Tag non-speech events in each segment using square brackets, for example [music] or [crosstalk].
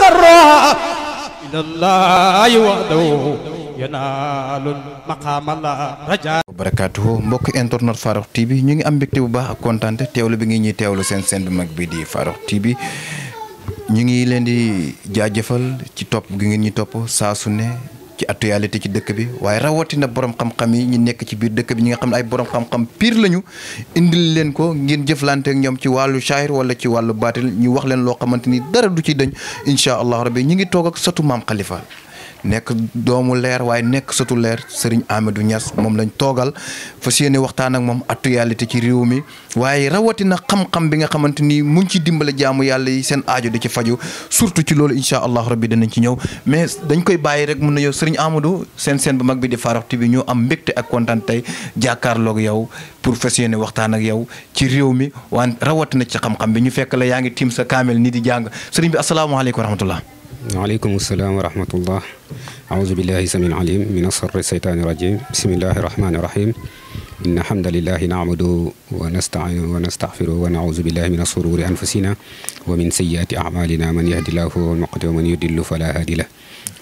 تقرى إلى الله وحده yanaalul maqaamala raja barakaatuhu mbokk internet Farokh TV ñu ngi am mbégte bu baax ak kontaante teewlu bi ngi ñuy teewlu seen seen bu mag bi di Farokh TV ñu ngi leen di jaajëfal ci topp gi ngeen ñu topp saasu ne ci actualité ci dëkk bi waaye rawatina borom xam-xam yi ñu nekk ci biir dëkk bi ñi nga xam ne ay borom xam-xam pire lañu indil leen ko ngeen jëflante ñoom ci wàllu shaahir wala ci wàllu baatil ñu wax leen loo xamante ni dara du ci dañ incha allah bi ñu ngi toog ak satu maam Khalifa nekk doomu leer waaye nekk sëtu leer Serigne Amidou ñas moom lañ toogal fas yéene waxtaan ak moom actualité ci réew mi waaye rawatina xam bi nga xamante ni mu ngi dimbale jaamu yàlla seen aajo di ci faju surtout ci loolu incha allah rabbi danañ ci ñëw mais dañ koy bàyyi rek mun na yow Serigne Amadou seen seen bu mag bi di Farokh TV ñu am mbégte ak kontaan tey jàkkaarloog yow pour fas yéene waxtaan ak yow ci réew mi waan rawatina ci xam-xam bi ñu fekk la yaa ngi tiim sa kaamel nii di jàng Serigne bi asalaamaaleykum wa rahmatullah وعليكم السلام ورحمة الله أعوذ بالله سميع العليم من الشر الشيطان الرجيم بسم الله الرحمن الرحيم إن الحمد لله نعمد ونستعين ونستغفره ونعوذ بالله من شرور أنفسنا ومن سيئات أعمالنا من يهد الله فهو المقتدي ومن يضل فلا هادي له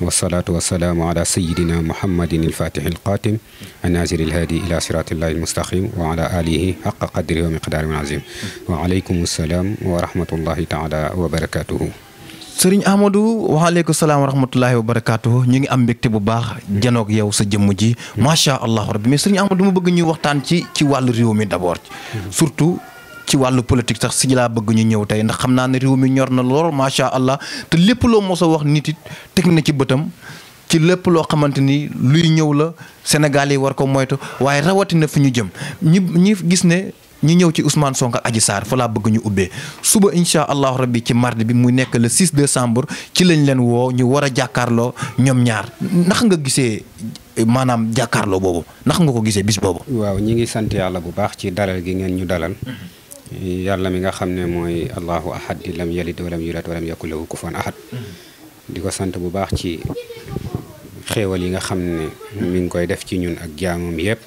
والصلاة والسلام على سيدنا محمد الفاتح القاتم النازل الهادي إلى صراط الله المستقيم وعلى آله حق قدره ومقداره العظيم وعليكم السلام ورحمة الله تعالى وبركاته sëriñ Amadou waaleykum salaam wa rahmatullahi wa barakaatu ñu ngi am mbégte bu baax janoog yow sa jëmm ji macha allah rabbi mais sëriñ Amadou ma bëgg ñu waxtaan ci ci wàllu réew mi d'abord surtout ci wàllu politique sax si laa bëgg ñu ñëw tey ndax xam naa ne réew mi ñor na lool macha allah te lépp loo mos a wax nit it teg na ci bëtam ci lépp loo xamante ni luy ñëw la Sénégal war ko moytu waaye rawatina fi ñu jëm ñi ñi gis ne ñu ñëw ci Ousmane Sonko ak Adji Sarr fa laa bëgg ñu ubbee suba incha allahu rabbi ci mardi bi mu nekk le 6 décembre ci lañ leen woo ñu war a jàkkaarloo ñoom ñaar ndax nga gisee maanaam jàkkaarloo boobu ndax nga ko gisee bis boobu. waaw ñi ngi sant yàlla bu baax ci dalal gi ngeen ñu dalal. yàlla mi nga xam ne mooy allahu ahad di lam yalid walam yulad walam yakul lahu kufuwan ahad di ko sant bu baax ci xéewal yi nga xam ne mi ngi koy def ci ñun ak jaamam yëpp.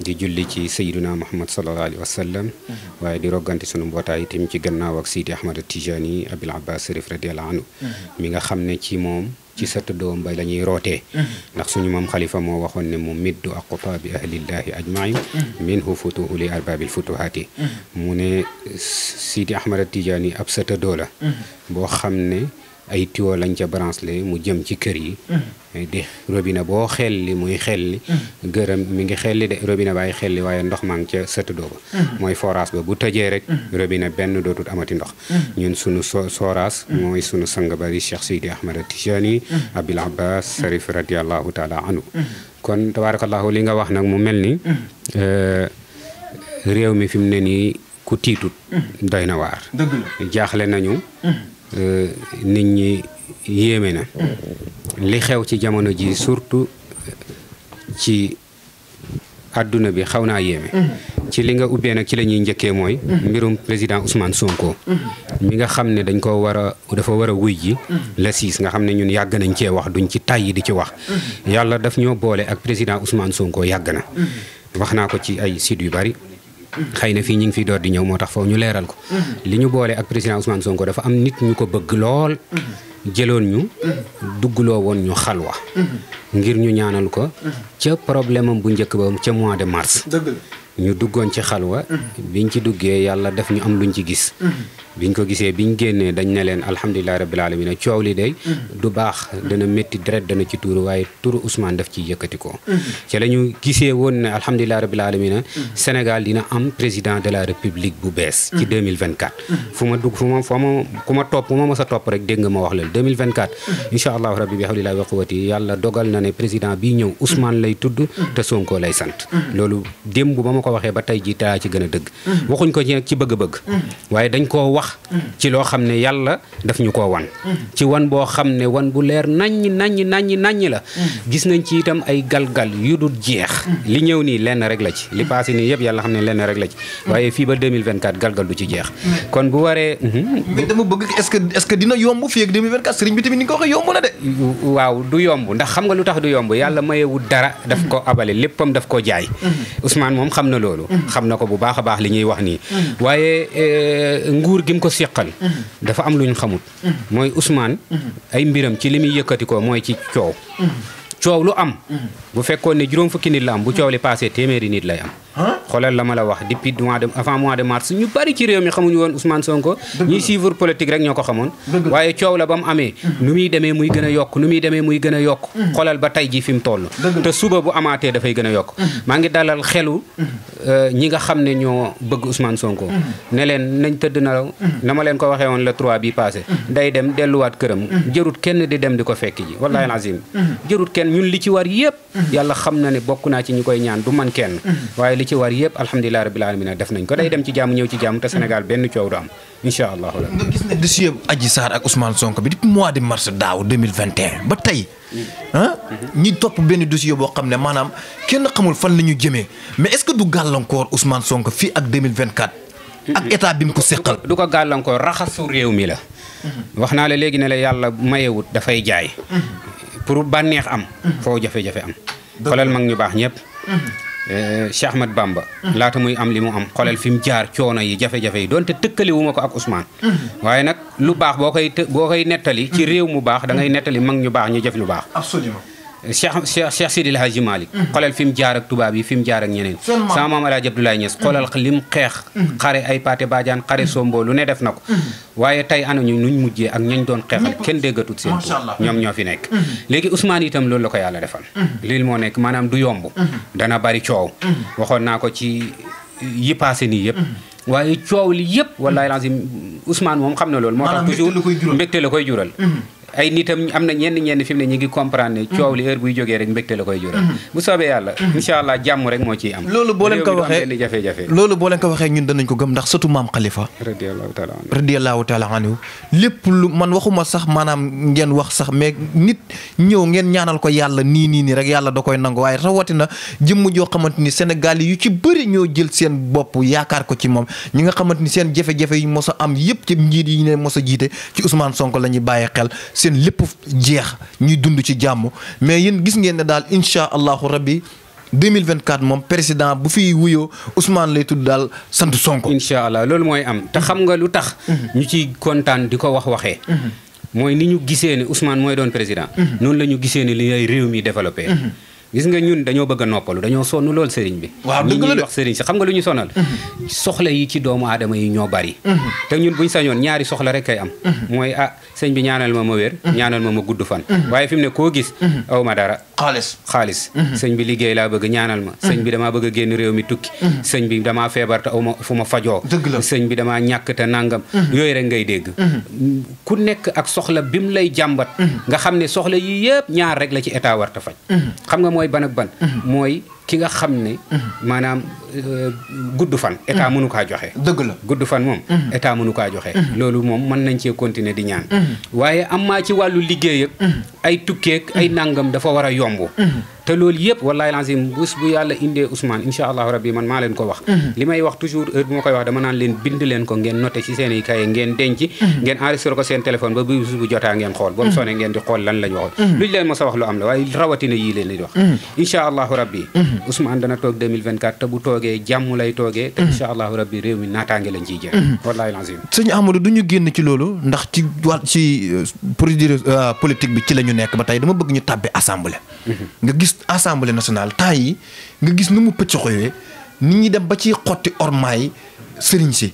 di julli ci sayyiduna muhammad sallallahu alaihi wasallam sallam di rogganti sunu mbootaay tim ci gannaaw ak Sidi Ahmad Tijani abul Abbas Sharif radiyallahu anhu mi nga xamne ci mom ci sëtt doom ba lañuy roté ndax suñu mom khalifa mo waxon ne mu middu ahli allah ajmain minhu futuhu li arbab al futuhat mu ne Sidi Ahmad Tijani ab sëtt do la bo xamne ay tuyaux lañ ca branché mu jëm ci kër yi. Mm-hmm. di robinet boo xelli muy xelli. Mm-hmm. gërëm mi ngi xelli de robine baay xelli waaye ndox maa ngi ca sëtt doo ba. Mm-hmm. mooy forage ba bu tëjee rek. robine benn dootul amati ndox. ñun sunu so forage. mooy sunu sang bari Cheikh Sidi Ahmad Tijani. Abil Abbas Sarif radiyallahu taala anhu. kon tabarakallahu li nga wax nag mu mel ni. Euh, réew mi fi mu ne nii ku tiitut. doy na waar. jaaxle nañu. Euh, nit ñi yéeme na li xew ci jamono ji surtout ci àdduna bi xaw naa yéeme mm-hmm. ci li nga ubbee nag ci lañuy njëkkee mooy mm-hmm. mbirum président Ousmane Sonko mm-hmm. mi nga xam ne dañ ko war a dafa war a wuy ji la siis nga xam ne ñun yàgg nañ cee wax duñ ci tàyyi di ci wax yàlla daf ñoo boole ak président Ousmane Sonko yàgg na wax naa ko ci ay site yu bari xëy na fii ñu ngi fiy door di ñëw moo tax foofu ñu leeral ko li ñu boole ak président Ousmane Sonko dafa am nit ñu ko bëgg lool jëloon ñu duggloo woon ñu xalwa ngir ñu ñaanal ko ca problème am bu njëkk ba ca mois de mars dëgg la ñu duggoon ci xalwa biñ ci duggee yàlla def ñu am luñ ci gis biñ ko gisee bi ñu génnee dañ ne leen alhamdulilahi rabbil alamin coow li day du baax dana métti deret dana ci tuuru waaye turu Ousmane def ciy yëkkati ko ci la ñu gisee woon ne alhamdulilahi rabbil alamin Sénégal dina am président de la république bu bees ci 2024 fu ma dugg fu ma fu ma ku ma topp ku ma mos a topp rek dégg nga ma wax leen 2024 incha allahu rabbi bi hawlillahi wa quwwati yàlla dogal na ne président bi ñëw Ousmane lay tudd te Sonko lay sant ma ko waxee ba tey a dëgg mm-hmm. waxuñ ko ci nag ci bëgg mm-hmm. dañ koo wax mm-hmm. ci loo xam ne yàlla daf ñu koo wan ci wan boo xam ne wan bu leer naññ naññ naññ naññ la gis nañ ci itam ay galgal yu du jeex li ñëw nii lenn rek la ci li passé nii yëpp yàlla xam ne lenn rek la ci waaye fii ba 2024 galgal du ci jeex kon bu waree mais dama bëgg est-ce que est-ce que dina yomb fii ak 2024 sëriñ bi tamit ni nga waxee yomb na de waaw du yomb ndax xam nga lu tax du yomb yàlla mayewul dara daf ko abale léppam daf ko jaay Ousmane moom xam na loolu mm-hmm. xam na ko bu baax a baax li ñuy wax nii mm-hmm. waaye eh, nguur gi mu ko seqal mm-hmm. dafa am lu ñu xamut mooy Ousmane ay mbiram ci li muy yëkkati ko mooy ci coow coow lu am bu fekkoon ne juróom fukki nit la am bu coow li passé téeméeri nit lay am xoolal la ma la wax depuis mois de avant mois de mars ñu bari ci réew mi xamuñu woon Ousmane Sonko ñiy suivre politique rek ñoo ko xamoon waaye coow la ba mu amee mm. nu muy demee muy gën a yokk nu muy demee muy gën a yokk mm. xoolal ba tey ji fi mu toll te suba bu amaatee dafay gën a yokk mm. maa ngi dalal xelu euh, ñi nga xam ne ñoo bëgg usman Sonko ne leen nañ tëdd nalaw na ma leen ko waxee woon la 3 bi passé day dem delluwaat këram jërut kenn di dem di ko fekk ji wallahi alazim jërut kenn ñun li ci war yépp yàlla xam na ne bokk naa ci ñu koy ñaan du man kenn waaye li ci war yëpp alhamdulilah rabbil alamin def nañ ko day dem ci jàmm ñëw ci jàmm te Sénégal benn coow du am incha allah nga gis ne dossier Adji Sarr ak Ousmane Sonko bi depuis mois de mars daaw 2021 ba tey ah ñi topp benn dossier boo xam ne maanaam kenn xamul fan la ñu jëmee mais est-ce que du gàllankoor Ousmane Sonko fii ak 2024 ak état bi mu ko seqal du ko gàllankoor raxasu réew mi la wax naa la léegi ne la yàlla mayewut dafay jaay pour banex am. fo jafe-jafe am. xolal mag ñu bax ñep Cheikh ahmed Bamba. lata muy am limu am xolal fim jaar coono yi jafe-jafe yi donte tëkkali wu mako ak Ousmane. waye nak lu bax bokay bokay netali ci rew mu bax da ngay netali mag ñu bax ñu jëf lu bax absolument. cheikh cheikh cheikh Sidil Hadji Malick mm-hmm. xoolal fi mu jaar ak tubaab yi fi mu jaar ak ñeneen sama maam El Hadj Abdoulaye Niass mm-hmm. xoolal li mu xeex mm-hmm. xare ay pate badiaan xare sombo lu ne def na ko waaye tey anuñu nuñ mujjee ak ñañ doon xeexal kenn déggatut seen ñoom ñoo fi nekk léegi Ousmane itam loolu la ko yàlla defal lii moo nekk maanaam du yomb dana bari coow waxoon naa ko ci yi paase nii yëpp waaye coow li yëpp wallahi lazim Ousmane moom xam na loolu moo tax toujours mbégte la koy jural ay nitam am na ñenn ñenn fi mu ne ñu ngi comprendre ne coow li heure buy jógee rek mbégte la koy jural mhm. bu soobee yàlla mhm. insha allah jàmm rek moo ciy am loolu boo leen ko boo leen ko waxee ñun danañ ko gëm ndax surtout maam xalifa radiyallahu taala anhu radiyallahu taala anhu lépp lu man waxuma sax maanaam ngeen wax sax mais nit ñëw ngeen ñaanal ko yàlla nii nii nii rek yàlla da koy nangu waaye rawatina jëmm joo xamante ni Sénégal yu ci bëri ñëw jël seen bopp yaakaar ko ci moom ñi nga xamante ni seen jafe-jafe yi mos a am yëpp ci njiit yi ne mos a jiite ci Ousmane sonk la ñuy bàyyi xel seen lépp jeex ñuy dund ci jàmm mais yéen gis ngeen ne daal incha allahu rabbi 2024 moom président bu fi wuyoo Ousmane lay tudd daal sant Sonko. incha allah loolu mooy am te xam nga lu tax. ñu ci kontaan di ko wax waxee. Mhm. mooy ni ñu gisee ne Ousmane mooy doon président. Mhm. noonu la ñu gisee ne lay réew mi développé. Mhm. gis nga ñun dañoo bëgg a noppalu dañoo sonn lool sëriñ bi. waaw dëgg la de wax sëriñ si xam nga lu ñu la mhm. soxla yi ci doomu aadama yi ñoo bari. Mhm. te ñun buñ sañoon ñaari soxla rek kay am. Mhm. mooy ah sëñ bi ñaanal ma ma wér. ñaanal ma ma gudd fan. waaye fi mu ne koo gis. aw ma dara. xaalis xaalis. sëñ bi liggéey laa bëgg ñaanal ma. sëñ bi damaa bëgg génn réew mi tukki. sëñ bi damaa feebar te aw ma fu ma fajoo. dëgg la sëñ bi damaa ñàkk te nangam. yooyu rek ngay dégg. ku nekk ak soxla bim lay jàmbat. nga xam ne soxla yii yëpp ñaar la ci état mooy ban ak ban. mooy ki nga xam ne. maanaam euh, gudd fan. état mm-hmm. mënu kaa joxe. dëgg la gudd fan moom. Mm-hmm. état mënu kaa joxe. Mm-hmm. loolu moom mën nañ cee continuer di ñaan. waaye am maa ci wàllu liggéey ak ay tukkeek ay nangam dafa war a yomb. te loolu yëpp wallahi lancim bu yàlla indee Ousmane incha allahu rabbi man maa leen ko wax mhm. li may wax toujours heure koy wax dama naan leen bind leen ko ngeen noté ci seen i kaye ngeen denc mhm. ngeen enregistré seen téléphone mhm. a du ñu génn ci loolu ndax ci wàll ci euh, procédure euh, politique bi ci la nekk ba tey dama bëgg ñu tàbbi assemblée assemblée nationale temps yi nga gis nu mu pëccoxoyee nit ñi dem ba ci xotti ormaay sëriñ si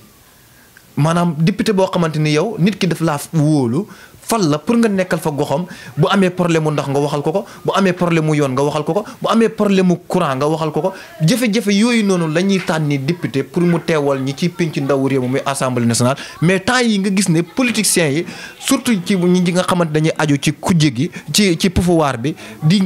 maanaam député boo xamante ni yow nit ki daf laa wóolu fal la pour nga nekkal fa goxam bu amee problème mu ndax nga waxal ko ko bu amee problème mu yoon nga waxal ko ko bu amee problème mu courant nga waxal ko ko jafe-jafe yooyu noonu la ñuy tànni député pour mu teewal ñi ci pénc ndaw réew mi muy assemblée nationale mais temps yi nga gis ne politiciens yi surtout ci ñi nga xamante dañuy aju ci kujje gi ci ci pouvoir bi di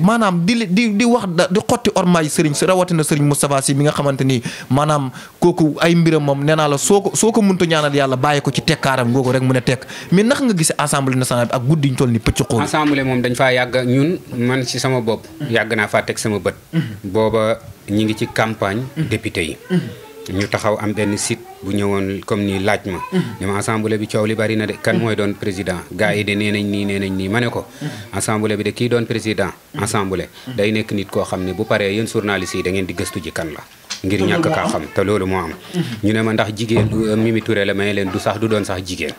maanaam di di di wax di xotti ormaay sëriñ si rawatina sëriñ Moustapha Sy mi nga xamante ni maanaam kooku ay mbiram moom nee naa la soo ko soo ko mënta ñaanal yàlla bàyyi ko ci tekkaaram googu rek mu ne tekk mais ndax nga gis assemblée nationale ak guddi ñu toll ni pëcc assemblée mom dañ fa yag ñun man ci sama bop yag na fa tek sama bëtt boba ñi ngi ci campagne. député yi. ñu taxaw am ben site bu ñëwoon comme ni laaj ma. ni ma assemblée bi ciow li bari na de kan moy doon président gaay de nenañ ni nenañ ni mané ko. assemblée bi de ki doon président. assemblée day nekk nit ko xamni bu paré yeen journaliste yi da ngeen di gëstu ji kan la. ngir ñak ka xam te loolu mo am. ñu ne ma ndax jigéen Mimi Touré la may leen du sax du doon sax jigéen.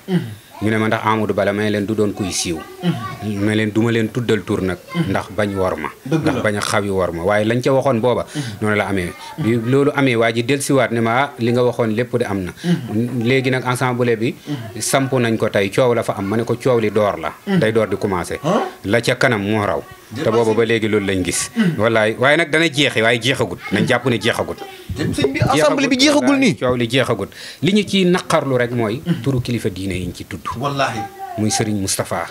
ñu ne ma ndax Amadou Bala may leen du doon kuy siiw mm-hmm. ma leen du ma leen tuddal tur nag mm-hmm. ndax bañ wor ma ndax bañ a xawi wor ma waaye lañ ca waxoon booba mm-hmm. noonu la amee bi loolu amee waa ji dellusiwaat ne ma ah, li nga waxoon lépp de am na léegi nag ensemble bi samp nañ ko tey coow la fa am ma ne ko coow li door la day door di commencé la ca kanam moo raw te booba ba léegi lu lañ gis mm. wallaay waaye nag dana jeexe waaye jeexagut mm. nañ jàpp ne jeexagut sëñ bi assemblée bi jeexagul nii coow li jeexagut li ñu ciy naqarlu rek mooy mm. turu kilifa diine yi ñu ci tudd wallaahi muy Serigne Moustapha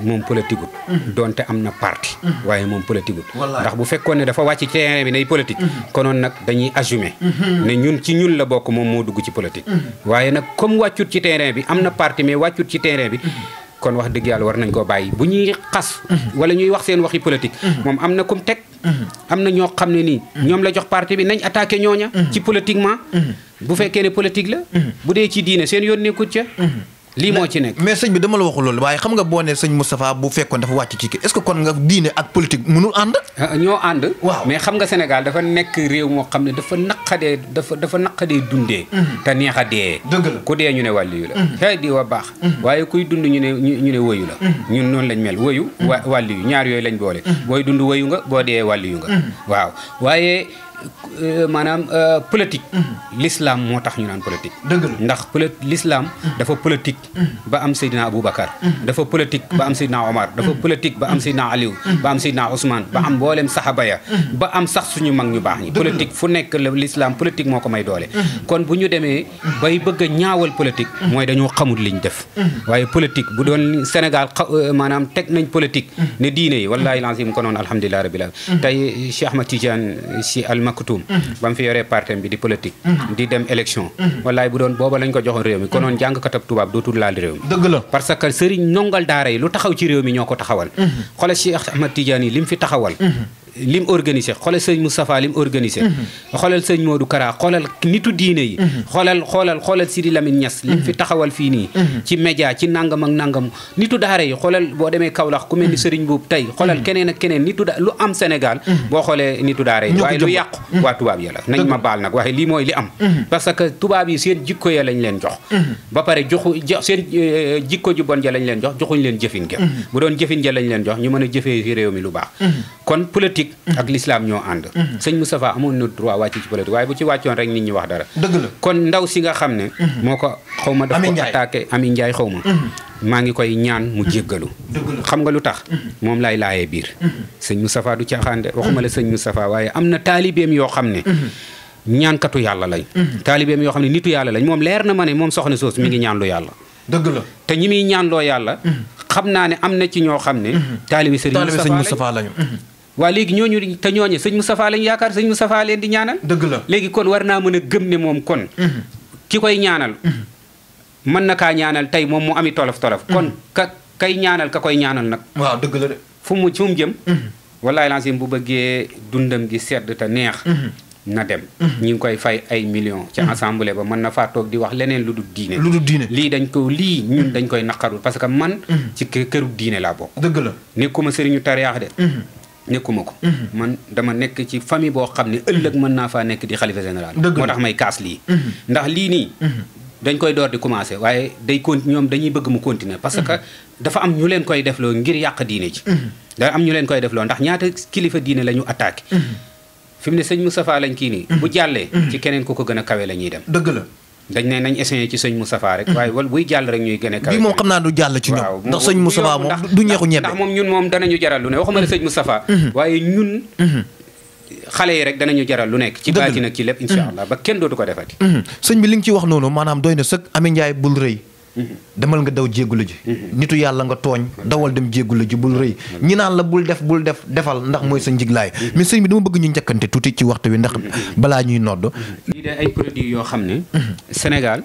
moom politique gut donte am na parti waaye moom politique gut ndax bu fekkoon ne dafa wàcc ci terrain bi nay politique konoon nag dañuy assumé mm-hmm. ne ñun ci ñun la bokk moom moo dugg ci politique waaye nag comme wàccut ci terrain bi am na parti mais wàccut ci terrain bi kon wax dëgg yàlla war nañ koo bàyyi bu ñuy xas mhm. wala ñuy wax seen waxi politique mhm. moom am na kum teg mhm. am na ñoo xam ne la jox parti bi nañ attaqué ñooña ci politiquement bu fekkee ne politique la bu dee ci diine seen yoon nekkut ca lii moo ci nekk mais sëñ bi dama la waxul loolu waaye xam nga boo ne sëñ Moustapha bu fekkoon dafa wàcc ci kii est-ce que kon nga diine ak politique mënul ànd. Ah, ñoo ànd. waaw mais xam nga Sénégal dafa nekk réew moo xam ne dafa naqadee dafa dafa naqadee dundee. Mhm. te neex a dee. dëgg la ku dee ñu ne wàlliyu la. xëy mhm. di wa baax. Mhm. waaye kuy dund ñu ne ñu ne wëyu la. ñun noonu lañ mel wëyu. wa wàlliyu ñaar yooyu lañ boole. booy dund wayu nga boo dee wàlliyu nga. waaw waaye Euh, maanaam euh, politique. Mhm. l'islam moo tax ñu naan politique. ndax poli l'islam mhm. mhm. dafa politique. ba am Seydina Aboubacar. dafa politique ba am Seydina Omar. dafa politique ba am Seydina Aliou. ba am Seydina Ousmane ba am mboolem saxaba ya ba am sax suñu mag ñu baax ñi. politique fu nekk la l'islam politique moo ko may doole. kon bu ñu demee bay bëgg a ñaawal politique. mooy dañoo xamul liñ def. waaye politique bu doon Sénégal euh, maanaam teg nañ politique. ne diine yi wallaahi lancé ko noonu alhamdulilah rabbil Makhtoum mhm. ba mu fi yoree partem bi di politique mhm. di dem élection mhm. wallaay bu doon booba lañ ko joxoon réew mi konoon jàngkat ak tubaab dootul laal réew mi dëgg la parce sëriñ nongal daara yi lu taxaw ci réew mi ñoo ko taxawal xoolal Cheikh Ahmad Tidiane yi li mu fi taxawal lim organisé xoolal sëñ Moustapha lim organisé. Mhm. xoolal sëñ Modou Kara xoolal nitu diine yi. Mhm. xoolal xoolal xoolal Sidi Lamine Niass. lim fi mhm. taxawal fii nii. ci média ci nangam ak nangam nitu daara yi xoolal boo demee Kaolack ku mel ni Serigne Boub tey xoolal keneen ak keneen nitu da lu am Sénégal. boo xoolee nitu daara yi waaye lu yàqu. waa tubaab yi la nañ ma baal nag waaye li mooy li am. parce que tubaab yi seen jikko ya lañ leen jox. ba pare joxu seen euh, jikko ju bon ja lañ leen jox joxuñ leen jëfin bu doon jëfin ja lañ leen jox ñu mën a jëfee réew mi lu baax politique ak l'islam ñoo ànd mhm. sëñ Moustapha amoon na droit wàcc ci politique waaye bu ci wàccoon rek nit ñi wax dara dëgg la kon ndaw si nga xam ne mhm. moo ko xaw ma daf ko attaqué Ami Ndiaye xaw ma mhm. maa ngi koy ñaan mu jéggalu xam nga lu tax moom laay laayee biir sëñ Moustapha du caaxaan de waxuma la sëñ Moustapha waaye am na taalibeem yoo xam ne ñaankatu yàlla lañ taalibeem yoo xam ne nitu yàlla lañ moom leer na ma ne moom soxna soos mi ngi ñaan lu yàlla dëgg la te ñi muy waa léegi ñooñu te ñooñu sëñ Moustapha lañ yaakaar sëñ Moustapha leen di ñaanal. dëgg la léegi kon war naa mën a gëm ne moom kon. Mhm. ki koy ñaanal. Mhm. mën na kaa ñaanal tey moom mu ami tolof tolof. Mhm. kon ka kay ñaanal ka koy ñaanal nag. waaw dëgg la de. fu mu fu mu jëm. wallaay lancim bu bëggee dundam gi sedd te neex. na dem. ñu ngi koy fay ay millions. ci assemblée ba mën na faa toog di wax leneen lu dul diine. lu dul diine lii dañ ko lii ñun dañ koy naqarul parce que man. ci këru diine laa dëgg la nekkuma sëriñu tariyaax nekkuma ko. man dama nekk ci famille boo xam ne ëllëg mën naa faa nekk di xalifa général. moo tax may kaas lii. Mhm. ndax lii nii. Mhm. dañ koy door di commencé waaye day conti ñoom dañuy bëgg mu continuer parce mhm. que dafa am ñu leen koy defloo ngir yàq diine ji. da am ñu leen koy defloo ndax ñaata kilifa diine la ñu attaqué. fi mu ne sëñ Moustapha lañ kii nii. bu jàllee. ci keneen ku ko gën a kawe la dem. dëgg la. dañ ne nañ essayé ci sëñ Moustapha rek waaye wala buy jàll rek ñuy gën a kawe bi moom xam naa du jàll ci ñoom ndax sëñ Moustapha moom du ñeexu ñebe ndax moom ñun moom lu mm-hmm. Mm-hmm. waaye ñun mm-hmm. xale yi rek danañu jaral lu nekk ci baati nag ci lépp insha allah ba kenn dootu ko defati sëñ bi li nga ci wax noonu maanaam doy na sëkk Amy Ndiaye bul rëy demal nga daw la ji mm-hmm. nitu yàlla nga tooñ dawal dem la ji bul rëy mm-hmm. ñi naan la bul def bul def defal ndax mooy sa njiglaay mm-hmm. mais sa bi dama ñu njëkkante tuuti ci waxtu wi ndax balaa ñuy nodd lii de ay produits yoo xam ne Sénégal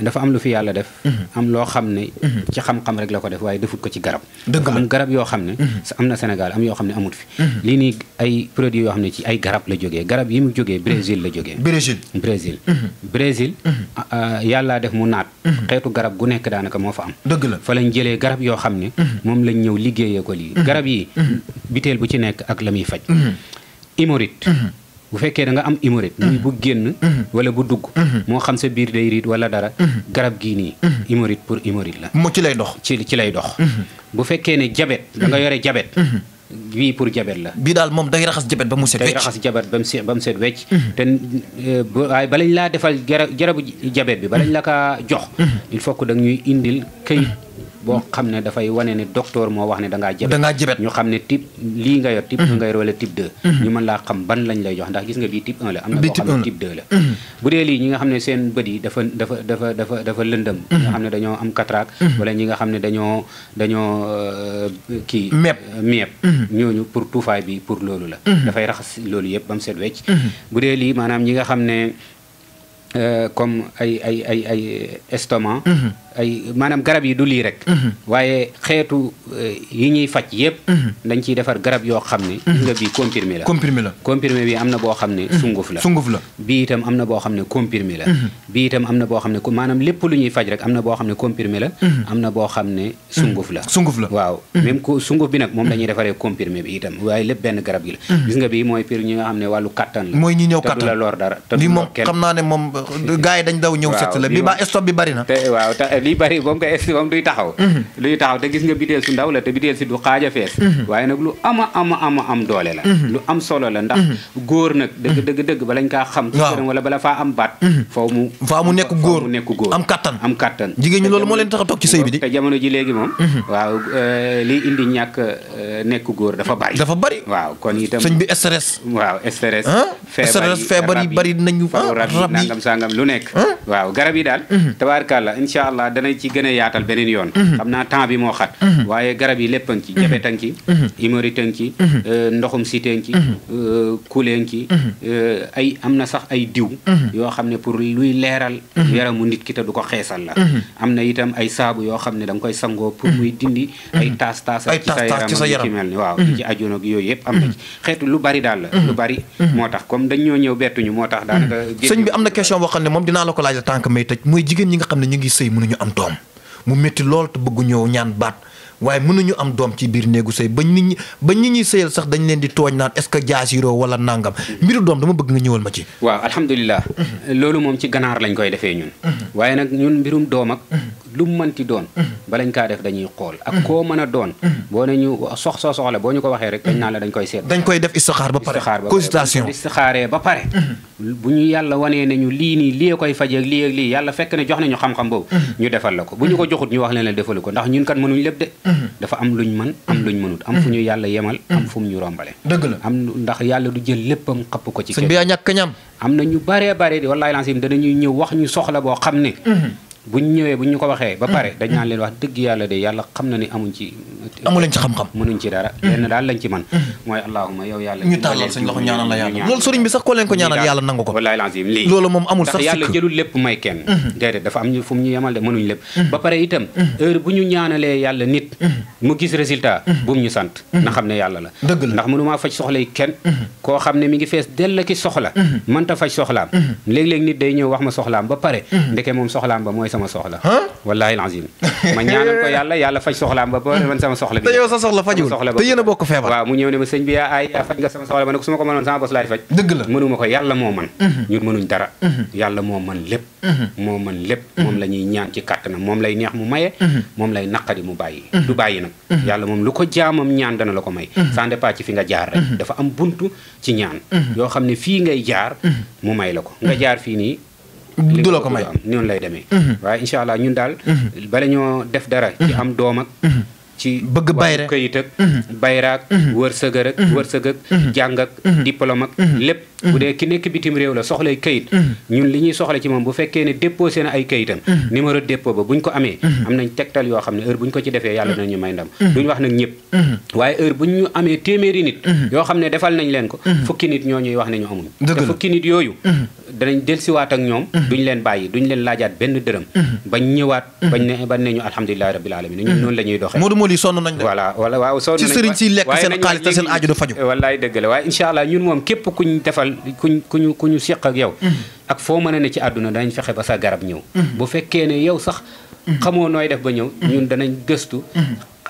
dafa am lu fi yàlla def am loo xam ne ci xam-xam rek la ko def waaye defut ko ci garab dëgg am garab yoo xam ne am na Sénégal am yoo xam ne amut fi li nii ay produits yoo xam ne ci ay garab la jógee garab yi mu jógee Brésil la jógee Brésil Brésil Brésil yàllaa def mu naat xeetu garab gu nekk daan daanaka moo fa am dëgg la fa lañ jëlee garab yoo xam ne mhm. moom lañ ñëw liggéeyee ko lii mhm. garab yi mhm. biteel bu ci nekk ak la muy faj imorit bu fekkee da nga am imorit muy bu génn wala bu dugg moo xam sa biir day riit wala dara garab gii nii imorit pour imorit la mu ci lay dox ci ci lay dox bu fekkee ne jabet da yore jabet bii pour jabet la. bii daal moom day raxas jabet ba mu set. wecc day raxas jabet ba mu set ba mu set wecc. te waaye euh, balañ laa defal garabu jabet bi. balañ la kaa jox. Mm-hmm. il faut que da ñuy indil këyit. boo xam ne dafay wane ne docteur moo wax ne da ngaa jabet da ngaa jabet ñu xam ne type lii nga yor type mhm. nga yor wala type 2 mhm. ñu mën laa xam ban lañ lay jox ndax gis nga bii type 1 la am na boo xam ne type 2 la mhm. bu dee lii ñi nga xam ne seen bët yi dafa dafa dafa dafa dafa lëndëm ñi nga xam ne dañoo am cataracte wala ñi nga xam ne dañoo dañoo euh, kii meeb meeb ñooñu pour tuufaay bi pour loolu la dafay raxas loolu yëpp ba set wecc bu dee lii maanaam ñi nga xam ne euh, comme ay maanaam garab yi du lii rek. Mhm. waaye xeetu eh, yi ñuy faj yépp. Mhm. dañ ciy defar garab yoo xam ne. Mhm. nga bii comprimé la comprimé bi am na boo xam ne sunguf la sunguf la na boo xam ne la. bii itam na boo xam ne maanaam lépp lu ñuy faj rek am ne comprimé la. am na boo la. sunguf la waaw même ku sunguf bi nag moom dañuy defaree comprimé bi itam waaye lépp benn garab gi la. gis nga bii mooy pir ñi nga xam ne wàllu kattan la. mooy ñi ñëw kattan te du la lor dara te moom xam naa ne moom [laughs] gars dañ daw ñëw set la bi ba stop bi bari li bari ba ko koy egsi duy taxaw luy taxaw te gis nga bidel su ndaw la te bidel ci du xaja fess waye nak lu ama ama ama am doole la lu am solo la ndax góor nak deug deug deug ba lañ ka xam ci këram wala bala fa am bat faw mu faa mu nek góor am katan am katan jigeen ñu lolu mo leen tax tok ci sey bi di te jamono ji legi mom mhm. waaw euh, li indi ñak euh, nek góor dafa bari dafa bari waaw kon itam señ bi stress waaw stress febar febar yi bari nañu rab yi nangam sangam lu nek waaw garab yi dal mhm. tabarakallah inshallah danañ ci gën a yaatal beneen yoon mhm. xam naa temps bi moo xat mhm. waaye garab yi lépp a ci jabet a ngi ci humorite a ci mhm. euh, ndoxum site a ci kule euh, a ci euh, am na sax ay diw yoo xam ne pour luy leeral yaramu nit ki te du ko xeesal la am na itam ay saabu yoo xam ne da nga koy sangoo pour muy dindi ay taas taas ci sa yaram mel ni ci ajoon ak yooyu yëpp am na ci xeetu lu bari daal la lu bari moo tax comme dañ ñoo ñëw bettuñu moo tax daanaka sëñ bi am na question boo xam ne moom dinaa la ko laaj la tànk may tëj mooy jigéen ñi nga xam ne ñu ngi sëy mënuñu am am mu métti lool te bëggu ñëw ñaan baat waaye mënuñu am doom ci biir néegu sëy ba nit ñi ba nit ñi sëyal sax dañ leen di tooñ naan est-ce que jaasiroo wala nangam mbiru doom dama bëgg nga ñëwal ma ci. waaw alhamdulilah. loolu moom ci ganaar lañ koy defee ñun. waaye nag ñun mbirum doom ak. lu mu mënti doon. balañ kaa def dañuy xool ak koo mën a doon. boo ne ñu sox soo boo ñu ko waxee rek dañ naan dañ koy seet. dañ koy def istixaar ba pare consultation istixaaree ba pare. bu ñu yàlla wanee ne ñu lii nii lii koy fajee ak lii yàlla fekk ne jox nañu xam-xam boobu. Mm-hmm. ñu defal la ko bu ñu ko joxut ñu wax leen la defalu ko ndax ñun kat mënuñ lépp de Mm-hmm. dafa am luñ mën am mm-hmm. luñ mënut am fu ñu mm-hmm. yàlla yemal am fu mu ñu rombale dëgg la am ndax yàlla du jël léppam xapp ko ci sëñ bi yaa ñàkk ñam am na ñu baree baree di wallaay lancé danañuy ñëw wax ñu soxla boo xam ne buñ ñëwee buñ ñu ko waxee ba pare dañ naan leen wax dëgg yàlla de yàlla xam na ni amuñ ci amu leen ci xam-xam mënuñ ci dara mm-hmm. lenn daal lañ ci mm-hmm. la yàlla loolu sëriñ bi sax ko leen ko ñaanal yàlla nangu ko wallahi lazim lii loolu moom amul sax yàlla jëlul lépp may kenn mm-hmm. déedéet dafa am ñu fu mu ñu yemal bu ñu ñaanalee yàlla nit mu gis résultat bu mu ñu sant na xam ne yàlla la dëgg la ndax mënumaa faj soxla yi kenn koo xam ne mi ngi fees dell ki soxla mënta faj soxlaam léeg-léeg nit day ñëw wax ma soxlaam ba pare ndeke moom soxlaam ba mooy sama soxla wallaahi alazim ma ñaanal ko yàlla yàlla faj soxlaam ba ba man sama soxla bi te yow sa soxla fajul te a bokk feebar waaw mu ñëw ne ma sëñ bi yaa ay yaa faj nga sama soxla ma ne ko su ma ko mënoon sama bos laay faj dëgg la mënuma ko yàlla moo man mhm. ñun mënuñ dara mhm. yàlla moo man lépp mhm. moo man lépp moom la ñuy ñaan ci kàttanam moom lay neex mu maye moom lay naqari mu bàyyi du bàyyi nag yàlla moom lu ko jaamam ñaan dana la ko may sans départ ci fi nga jaar rek dafa am buntu ci ñaan yoo xam ne fii ngay jaar mu may la ko nga jaar fii nii du la ko may noonu lay demee mhm. waaye incha allah ñun daal mhm. bala ñoo def dara ci mhm. am doom ak ci bëgg bayra këyit ak bayraak wërsëgër ak wërsëg ak jàng ak diplôme ak lépp bu dee ki nekk bitim réew la soxlay këyit ñun li ñuy soxla ci moom bu fekkee ne déposé na ay këyitam numéro dépôt ba bu ñu ko amee am nañ tegtal yoo xam ne heure bu ñu ko ci defee yàlla na ñu may ndam duñu wax nag ñëpp waaye heure bu ñu amee téeméeri nit yoo xam ne defal nañ leen ko fukki danañ dellusiwaat ak ñoom mhm. duñ leen bàyyi duñ leen laajaat benn dërëm mhm. bañ ñëwaat mhm. bañ ne bañ ne ñu alhamdulilahi rabbil alamin ñun noonu la ñuy doxee Modou Moli sonn nañ voilà wala waaw sonn nañ ci waaye incha allah ñun moom képp kuñ defal kuñu ku ak yow ak foo mën a ci àdduna danañ fexe ba sa garab ñëw bu fekkee ne yow sax xamoo nooy def ba ñëw ñun danañ gëstu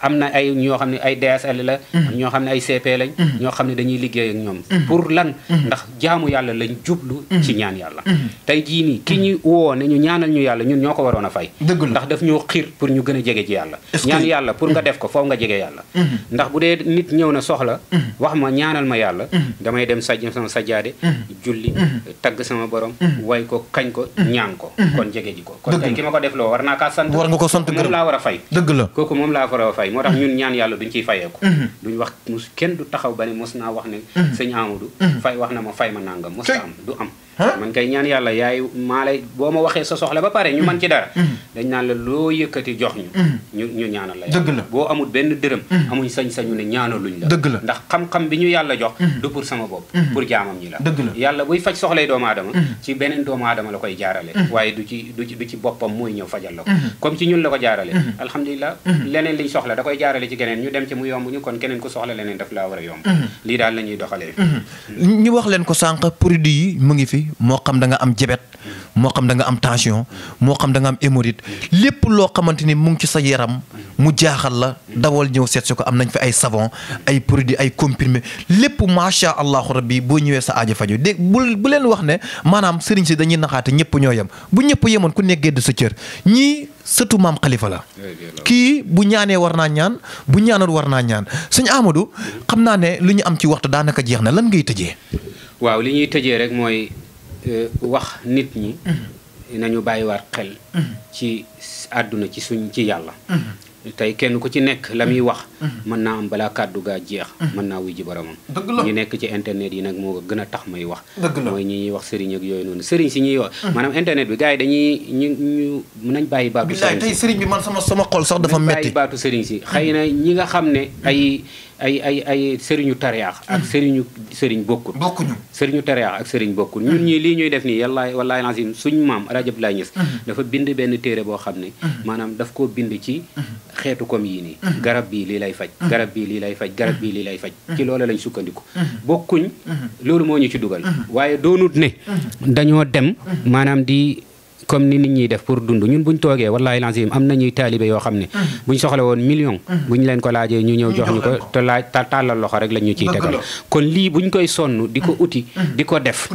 amna ay ño xamni ay DSL la mm-hmm. ño xamni ay CP lañ mm-hmm. ño xamni dañuy liggéey ak ñom mm-hmm. pour lan ndax jaamu yalla lañ jublu ci ñaan yalla tay ji ni ki ñi wo ne ñu ñaanal ñu yalla ñun ñoko warona fay ndax daf ñu xir pour ñu gëna a ci yalla ñaan yalla pour nga def ko fo nga jege yalla ndax bu dé nit ñëw na soxla wax ma ñaanal ma yalla damay dem saj sama sajjade julli tag sama borom way ko kañ ko ñaan ko kon jege ji ko kon tay ki ma ko def lo warna ka sant war nga ko sant gërëm la wara fay deug la koku mom la wara fay moo tax ñun ñaan yàlla duñ ciy fayeeku mhm. duñ wax mus kenn du taxaw ba ne mos naa wax ne mhm. sëñ Amadou mhm. fay wax na ma fay ma nangam mos am du am man kay ñaan yàlla yaay maa lay boo ma waxee sa soxla ba pare ñu man ci dara mm-hmm. Mm-hmm. dañ naan la loo yëkkati jox ñu mm-hmm. ñu ñu ñaanal la dëgg la boo amul benn dërëm amuñ sañ-sañu ne ñaanaluñ la dëgg la ndax xam-xam bi ñu yàlla jox du pour sama bopp pour jaamam ñi la dëgg la yàlla buy faj soxlay doomu aadama ci beneen doomu aadama la koy jaarale waaye du ci du ci du ci boppam mooy ñëw fajal la ko comme ci ñun la ko jaarale alhamdulilah leneen liñ soxla da koy jaarale ci keneen ci mu yomb ñu kon keneen ku soxla leneen daf ko sànq produit yi mu ngi diabétique moo xam da nga am jabet moo xam danga am tension moo xam da nga am hémorroïde lépp loo xamante ni mu ngi ci sa yaram mu jaaxal la dawal ñëw seet si ko am nañ fi ay savon ay produit ay comprimer lépp macha allahu rabbi boo ñëwee sa aajo faju dégg bu bu leen wax ne maanaam sëriñ si dañuy naxaate ñëpp ñoo yem bu ñëpp yemoon ku nekkee gedd sa cër ñii sëtu maam xalifa la kii bu ñaanee war naa ñaan bu ñaanul war naa ñaan sëñ Amadou xam naa ne lu ñu am ci waxtu daanaka jeex na lan ngay tëjee Euh, wax nit ñi mm-hmm. nañu waat xel mm-hmm. ci àdduna ci suñ ci yàlla mm-hmm. tey kenn ku ci nekk la muy wax mën naa am balaa kàddu gaa jeex mën naa wuy ji boromam ñu nekk ci internet yi nag moo gën a tax may wax mooy ñi ñuy wax sëriñ ak yooyu noonu sëriñ si ñuy wax maanaam internet bi gars yi dañuy ñu ñu nañ bàyyi baatu sëriñ si tey sëriñ bi man sama sama xol sax dafa metti baatu sëriñ si xëy na ñi nga xam ne ay ay ay ay sëriñu tariyaax ak mm. sëriñu sëriñ bokkul bokkuñu sëriñu tariyaax ak sëriñ bokkul mm. ñun ñi li ñuy def nii yàlla wallaay lazim suñ maam El Hadj Abdoulaye Niass mm. dafa bind benn téere boo xam ne maanaam daf koo bind ci xeetu comme yii nii garab bii lii lay faj garab bii lii lay faj garab bii li lay faj ci loolu lañ sukkandiku bokkuñ loolu moo ñu ci dugal waaye doonut ne dañoo dem maanaam di comme ni nit ñiy def pour dund ñun buñ toogee wallaahi lancim am nañuy taalibe yoo xam ne mm-hmm. buñ soxla woon million mm-hmm. buñ leen ko laajee ñu ñëw mm-hmm. jox ñu ko te laaj tàllal loxo rek la ñu ciy tegal kon lii buñ koy sonn di ko uti di ko def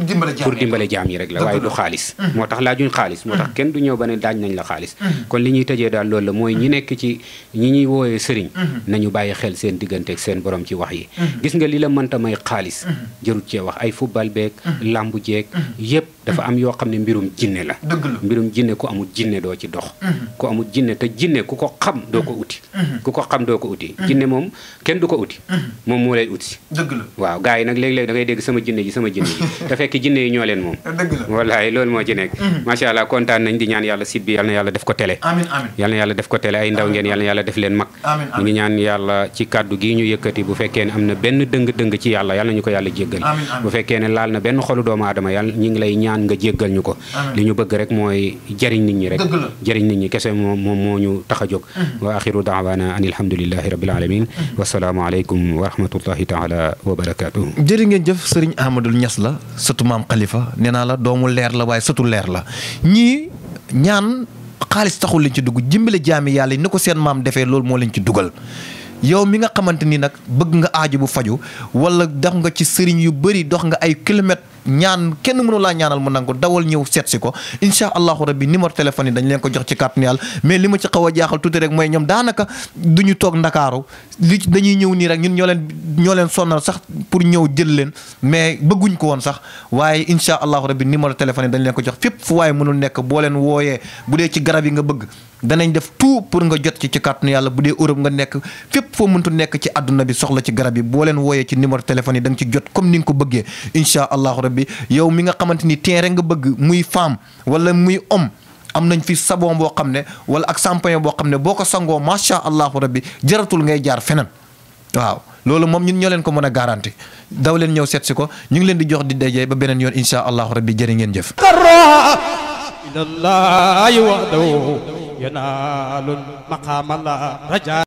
pour dimbale jaam yi rek la waaye du xaalis moo tax laajuñ xaalis moo tax kenn du ñëw ba ne daaj nañ la xaalis kon li ñuy tëjee daal loolu la mooy ñi nekk ci ñi ñuy wooyee sëriñ nañu bàyyi xel seen diggante ak seen borom ci wax yi li la mënta may xaalis jërut cee wax ay football beeg lambu jeeg yépp dafa am yoo xam ne mbirum jinne la mbirum jinne ku amul jinne doo ci dox mhm. ku amul jinne te jinne ku ko xam doo ko uti mhm. Mhm. ku ko xam doo ko uti jinne moom kenn du ko uti moom moo lay uti dëgg la waaw gars yi nag léeg-léeg da ngay dégg sama jinne ji sama jinne ji [laughs] te fekk jinne yi ñoo leen moom dëgg la wallaay loolu moo ci nekk macha allah kontaan nañ di ñaan yàlla site bi yal na yàlla def ko télé yàlla na yàlla def leen mag ñu ñaan yàlla ci kàddu gi ñu yëkkati bu fekkee ne am na benn dëng dëng ci yàlla yal na ñu ko yàlla jéggal bu fekkee ne laal na benn xolu doomu ñaan nga jéggal ko li ñu bëgg rek mooy jëriñ nit ñi rek jëriñ nit ñi kese moom moom moo ñu tax a jóg wa axiru daawaana an alhamdulilahi rabbil alamin wasalaamu aleykum wa wa barakatuh jërë ngeen jëf sëriñ ahmadul ñas la sëtu maam xalifa nee naa la doomu leer la waaye sëtu leer la ñii ñaan xaalis taxul lañ ci dugg jimbale jaami yàlla ni ko seen maam defee loolu moo leen ci dugal yow mi nga xamante ni nag bëgg nga aajo bu faju wala dox nga ci sëriñ yu bëri dox nga ay kilomètre ñaan kenn mënu laa ñaanal mu nangu dawal ñëw seet si ko incha allahu rabbi numéro téléphone yi dañ leen ko jox ci kàttanu yàlla mais li ma ci jaaxal tuuti rek mooy ñoom daanaka du toog ndakaaru li dañuy ñëw nii rek ñun ñoo leen ñoo leen sonnal sax pour ñëw jël leen mais bëgguñ ko woon sax waaye incha allahu rabbi numéro téléphone yi dañ leen ko jox fépp fu waaye nekk boo leen wooyee bu dee ci garab yi nga bëgg danañ nga jot ci ci kàttanu bu dee Europe nga nekk fépp foo mëntu nekk ci àdduna bi soxla ci garab yi boo leen wooyee ci numéro téléphone yi da ci jot comme ni nga ko bëggee incha allahu rabbi bi yow mi nga xamanteni terrain nga bëgg muy femme wala muy homme am nañ fi sabon bo xamne wala ak sampoñ bo xamne boko sango ma sha Allah rabbi jaratul ngay jaar fenen waaw lolu mom ñun ñoleen ko mëna garantie garanti daw leen ñew seet ko ñu ngi leen di jox di dajee ba benen yoon insha Allah rabbi jërë ngeen jëf ilallahi wa'du yanaalul maqaama la raja